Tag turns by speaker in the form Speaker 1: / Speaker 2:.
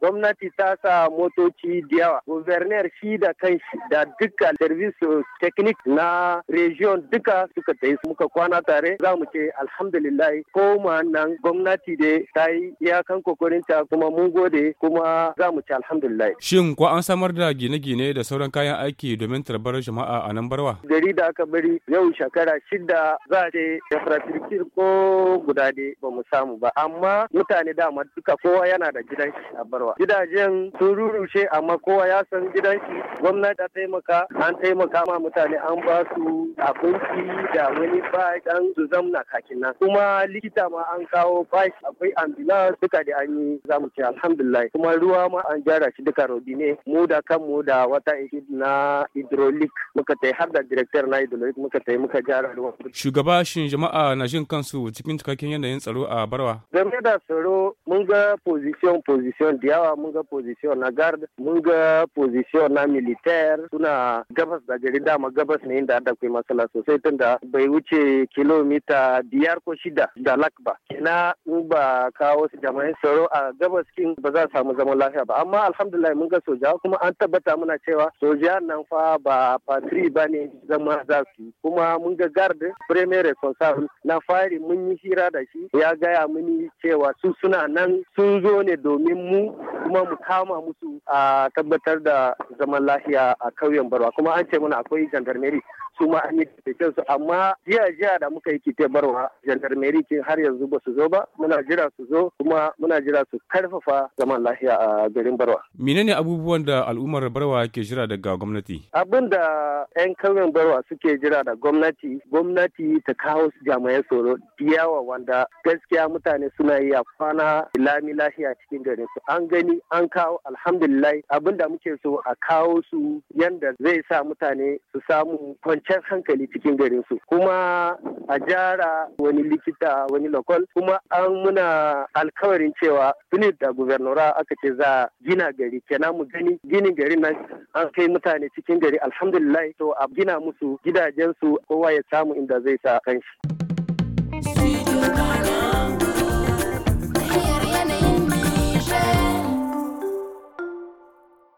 Speaker 1: gwamnati ta sa motoci da yawa shida shi da kanshi da duka service technique na region duka suka tafi muka kwana tare za mu ce alhamdulillah ko nan gwamnati da ta yi iyakan kokorinta kuma mun gode kuma za mu ce alhamdulillah
Speaker 2: shin ko an samar da gine-gine da sauran kayan aiki domin tarbar jama'a a nan barwa
Speaker 1: gari da aka bari yau shekara shida za a infrastructure ko guda ne ba mu samu ba amma mutane dama duka kowa yana da gidan shi a barwa gidajen sun rurushe amma kowa ya san gidan shi gwamnati ta taimaka an taimaka ma mutane an ba su abinci da wani ba dan su zamna kakin nan kuma likita ma an kawo bashi akwai ambila duka da an yi zamu ce alhamdulillah kuma ruwa ma an gyara shi duka robi ne mu da kanmu da wata ikid na hydraulic muka tai har da director na hydraulic muka tai muka gyara ruwa
Speaker 2: shugaba shin jama'a na jin kansu cikin cikakken yanayin tsaro a barwa
Speaker 1: game da tsaro mun ga position position da yawa mun ga position na guard mun ga position na militaire suna gabas da gari dama gabas ne inda da kai masala sosai tunda bai wuce kilomita biyar ko shida da lakba kina in ba kawo su jama'in tsaro a gabas kin ba za samu zaman lafiya ba amma alhamdulillah mun ga soja kuma an tabbata muna cewa soja nan fa ba patri ba ne zama za su kuma mun ga guard premier responsable na fari mun yi hira da shi ya gaya mini cewa su suna nan sun zo ne domin mu kuma mu kama musu a tabbatar da zaman lafiya a kauyen barwa kuma an ce mana akwai gendarmerie su ma an yi tafiye su amma jiya jiya da muka yi kite barwa kin har yanzu ba su zo ba muna jira su zo kuma muna jira su karfafa zaman lafiya a garin barwa.
Speaker 2: menene abubuwan da al'ummar barwa ke jira daga gwamnati.
Speaker 1: abin da 'yan kauyen barwa suke jira da gwamnati gwamnati ta kawo jami'an tsoro yawa wanda gaskiya mutane suna yi a kwana lami lafiya cikin garin su an gani an kawo alhamdulillah abin da muke so a kawo su yanda zai sa mutane su samu kwanci kwanciyar hankali cikin garin su kuma a jara wani likita wani lokal kuma an muna alkawarin cewa tuni da gubernura aka ce za gina gari kenan mu gani ginin garin nan an kai mutane cikin gari alhamdulillah to a gina musu gidajen su, kowa ya samu inda zai sa kanshi.